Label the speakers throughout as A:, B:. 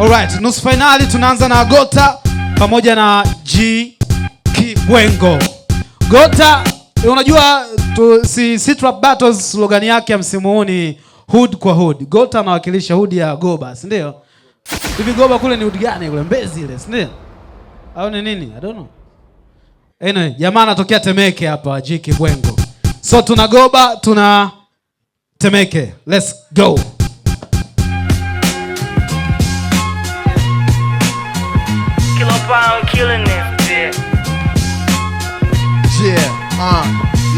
A: Alright, nusu fainali tunaanza na Gota pamoja na G Kibwengo. Gota, unajua tu, si, si Trap Battles slogan yake ya msimu huu ni hood kwa hood. Gota anawakilisha hood ya Goba, si ndio? Hivi Goba kule ni hood gani kule? Mbezi ile, si ndio? Au ni nini? I don't know. Anyway, jamaa anatokea Temeke hapa G Kibwengo. So tuna Goba, tuna Temeke. Let's go.
B: why I'm killing this bitch. Yeah, uh,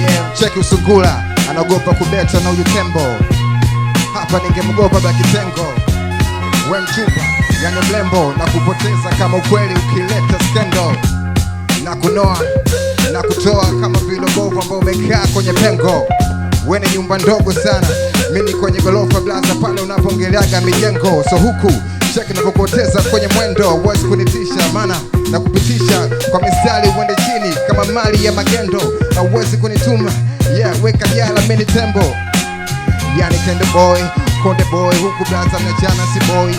B: yeah, mcheki usungula anaogopa kubeta na huyu tembo. Hapa ningemgopa baki tengo we mchupa, yani mlembo na kupoteza kama ukweli ukileta skendo na kunoa na kutoa kama vile bovu ambao umekaa kwenye pengo. Wene nyumba ndogo sana, mimi kwenye gorofa blaza pale unapoongeleaga mijengo, so huku chake nakukoteza kwenye mwendo, huwezi kunitisha, mana na kupitisha kwa mistari uende chini kama mali ya magendo, na huwezi kunituma yeah, weka jala mini tembo yani kende boy konde boy, huku blaza mnachana si boy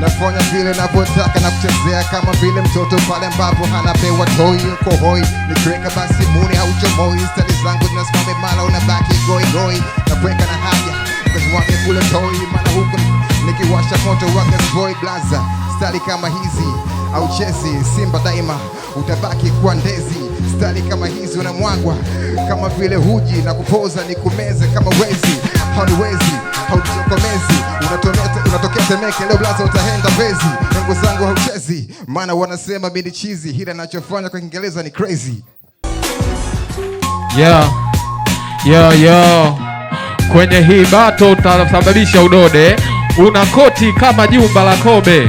B: nafanya vile navyotaka na kuchezea kama vile mtoto pale ambapo anapewa toi kohoi nikiweka basi muni hauchomoi stadi zangu zinasimama mala unabaki goigoi nakuweka na haja kaziwake kule toi mana huku nikiwasha moto wa Boy Blaza. Stari kama hizi au chezi Simba daima utabaki kwa ndezi. Stari kama hizi unamwangwa kama vile huji na kupoza, ni kumeze kama wezi, hauwezi hautokomezi, unatokea Temeke leo Blaza utahenda Mbezi. Lengo zangu hauchezi, maana wanasema bini chizi, hila nachofanya kwa Kiingereza ni crazy.
A: Yeah. Yeah, yeah. Kwenye hii bato utasababisha udode una koti kama jumba la kobe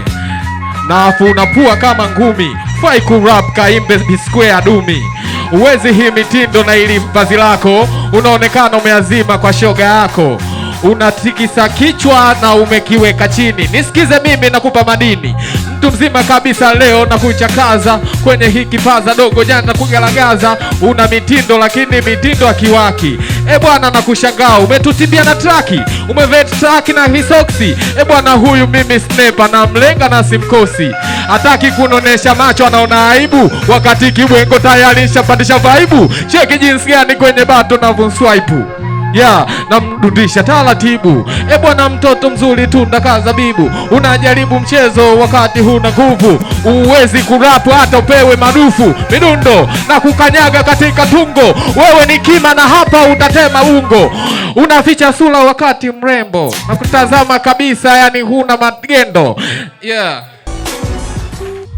A: naafu unapua kama ngumi fai kurap kaimbe biskwea dumi uwezi hii mitindo na ili vazi lako unaonekana umeazima kwa shoga yako unatikisa kichwa na umekiweka chini. Nisikize mimi, nakupa madini mtu mzima kabisa leo na kuchakaza kwenye hii kipaza dogo, jana kugalagaza. Una mitindo lakini mitindo akiwaki. E bwana, nakushangaa umetutibia na traki, umevet traki na hisoksi. E bwana, huyu mimi snepa na mlenga na simkosi, hataki kunonesha macho, anaona aibu, wakati kibwengo tayari nishapandisha vaibu. Cheki jinsi gani kwenye bato na vunswaipu ya namdundisha taratibu. E bwana, mtoto mzuri tunda kazabibu, unajaribu mchezo wakati huna nguvu, uwezi kurapu hata upewe marufu, midundo na kukanyaga katika tungo, wewe ni kima na hapa utatema ungo, unaficha sura wakati mrembo na kutazama kabisa, yani huna magendo yeah.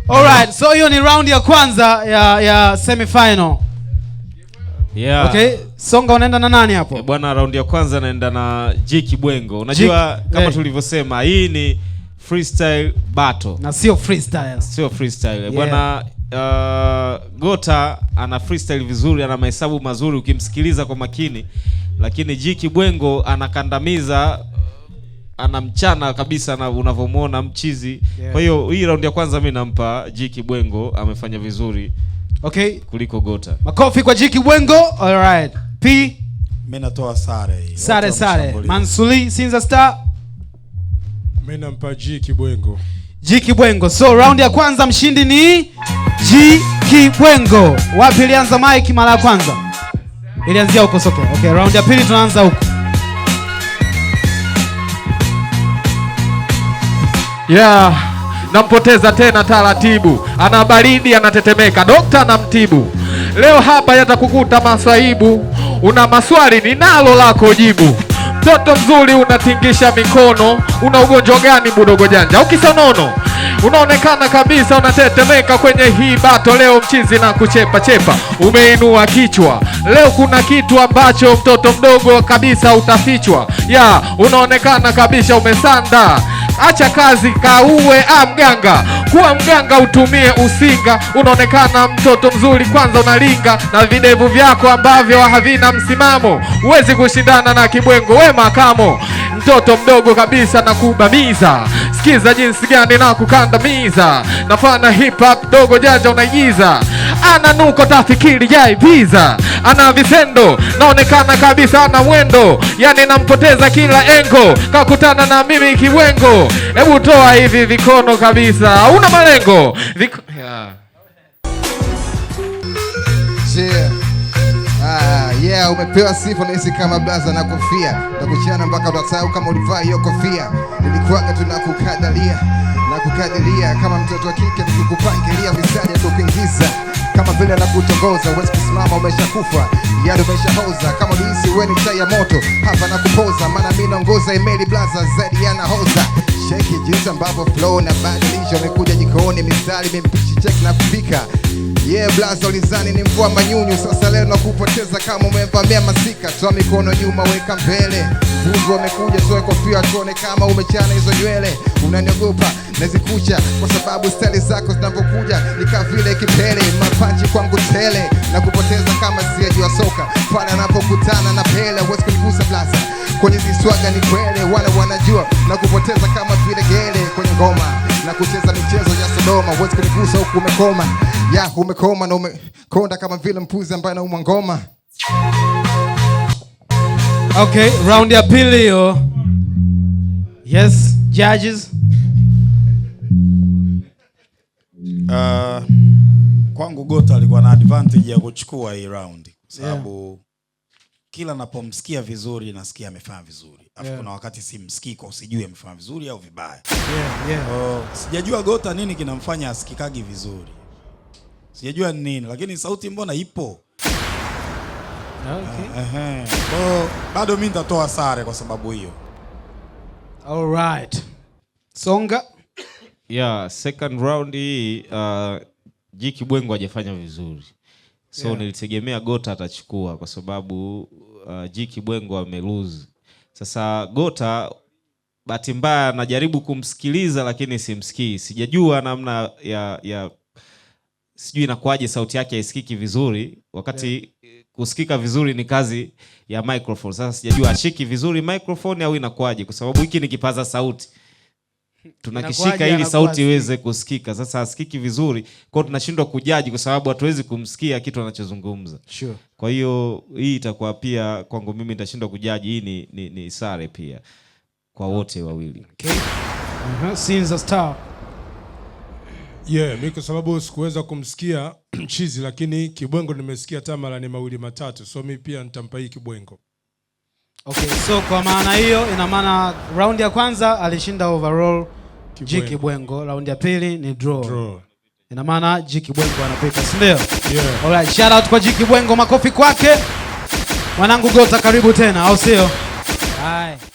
A: Alright, so hiyo ni round ya kwanza ya, ya semifinal. Yeah. Okay, Songa unaenda na nani hapo? Eh,
C: bwana, raundi ya kwanza naenda na j Kibwengo. Unajua kama hey, tulivyosema hii ni freestyle battle.
A: Na sio freestyle.
C: Sio freestyle. Yeah. Bwana uh, Gota ana freestyle vizuri, ana mahesabu mazuri ukimsikiliza kwa makini. Lakini j Kibwengo anakandamiza uh, ana mchana kabisa na unavyomwona mchizi. Yeah. Kwa hiyo hii raundi ya kwanza mimi nampa j Kibwengo amefanya vizuri. Okay. Kuliko Gota.
A: Makofi kwa Jiki Bwengo. All right. P.
D: Mimi natoa sare.
A: Sare sare. Mansuli Sinza Star.
E: Mimi nampa Jiki Bwengo.
A: Jiki Bwengo. So round ya kwanza mshindi ni Jiki Bwengo. Wapi ilianza mic mara ya kwanza? Ilianzia huko soke. Okay, round ya pili tunaanza huko. Yeah nampoteza tena taratibu, ana baridi, anatetemeka, dokta anamtibu. Leo hapa yatakukuta masaibu, una maswali ninalo lako jibu. Mtoto mzuri unatingisha mikono, una ugonjwa gani budogo janja? Ukisonono unaonekana kabisa, unatetemeka kwenye hii bato. Leo mchizi na kuchepa chepa, umeinua kichwa. Leo kuna kitu ambacho mtoto mdogo kabisa utafichwa ya, unaonekana kabisa umesanda acha kazi kauwe a ah, mganga kuwa mganga, utumie usinga. Unaonekana mtoto mzuri, kwanza unalinga na videvu vyako ambavyo havina msimamo. Huwezi kushindana na kibwengo, we makamo, mtoto mdogo kabisa na kubamiza Sikiza jinsi gani na kukandamiza, nafana hip hop dogo janja unaigiza ana nuko tafikiri jai pizza, ana visendo naonekana kabisa, ana mwendo yani nampoteza kila engo, kakutana na mimi kiwengo. Hebu toa hivi vikono kabisa, hauna malengo Viko... yeah.
B: Yeah. Ah, yeah, umepewa sifa nahisi kama blaza na kofia takuchana mpaka utasahau kama ulivaa hiyo kofia, ilikuwaga tunakukadalia na kukadiria kama mtoto wa kike nikikupangilia visari ya kukuingiza kama vile na kutongoza, huwezi kusimama, umeshakufa yari, umeshahoza kama diisi, we ni chai ya moto hapa na kupoza, maana mi naongoza emeli blaza zaidi yanahoza Cheki jinsi ambavyo flow na badilisho amekuja jikoni, mistari mimpishi, cheki na kupika ye yeah, blaza ulizani ni mvua manyunyu, sasa leo nakupoteza kama umevamia masika. Toa mikono nyuma, weka mbele, buzi wamekuja, toe kofia, tuone kama umechana hizo nywele, unaniogopa nazikucha kwa sababu stali zako zinavyokuja nika vile kipele, mapanchi kwangu tele na kupoteza kama siaji wa soka pana anapokutana na Pele, huwezi kunigusa blaza kwenye ziswaga ni kwele, wala wanajua na kupoteza kama vile gele kwenye ngoma na kucheza michezo ya Sodoma, huwezi kunigusa huku umekoma, ya umekoma na umekonda kama vile mpuzi ambaye anaumwa ngoma.
A: Okay, round ya pili hiyo. Yes, judges.
F: Uh, kwangu Gota alikuwa na advantage ya kuchukua hii round kwa sababu yeah. Kila napomsikia vizuri nasikia amefanya vizuri alafu yeah. Kuna wakati simsikii kwa usijui amefanya vizuri au vibaya yeah, yeah. Uh, sijajua Gota nini kinamfanya asikikagi vizuri, sijajua nini, lakini sauti mbona ipo Okay. Uh -huh. So, bado mi nitatoa sare kwa sababu hiyo.
A: All right. Songa
C: yeah, second round hii uh, G Kibwengo hajafanya vizuri so yeah. Nilitegemea Gota atachukua kwa sababu uh, G Kibwengo ameluzi. Sasa Gota bahati mbaya najaribu kumsikiliza lakini simsikii, sijajua namna ya, ya sijui inakuwaje sauti yake haisikiki vizuri wakati yeah. Kusikika vizuri ni kazi ya microphone. Sasa sijajua ashiki vizuri microphone au inakuwaje, kwa sababu hiki ni kipaza sauti tunakishika ili sauti iweze kusikika. Sasa asikiki vizuri kwao, tunashindwa kujaji kwa sababu hatuwezi kumsikia kitu anachozungumza sure. Kwa hiyo hii itakuwa pia kwangu mimi nitashindwa kujaji. Hii ni, ni, ni sare pia kwa wote wawili
A: okay. uh -huh.
E: Yeah, mi kwa sababu sikuweza kumsikia mchizi lakini Kibwengo nimesikia Tamara ni mawili matatu, so mi pia nitampa hii Kibwengo.
A: Okay, so kwa maana hiyo ina maana raundi ya kwanza alishinda overall G Kibwengo, raundi ya pili ni draw. Draw. Ina maana G Kibwengo anapita, si ndio?
C: Yeah.
A: Alright, shout out kwa G Kibwengo, makofi kwake. Mwanangu Gota, karibu tena, au sio? Hai.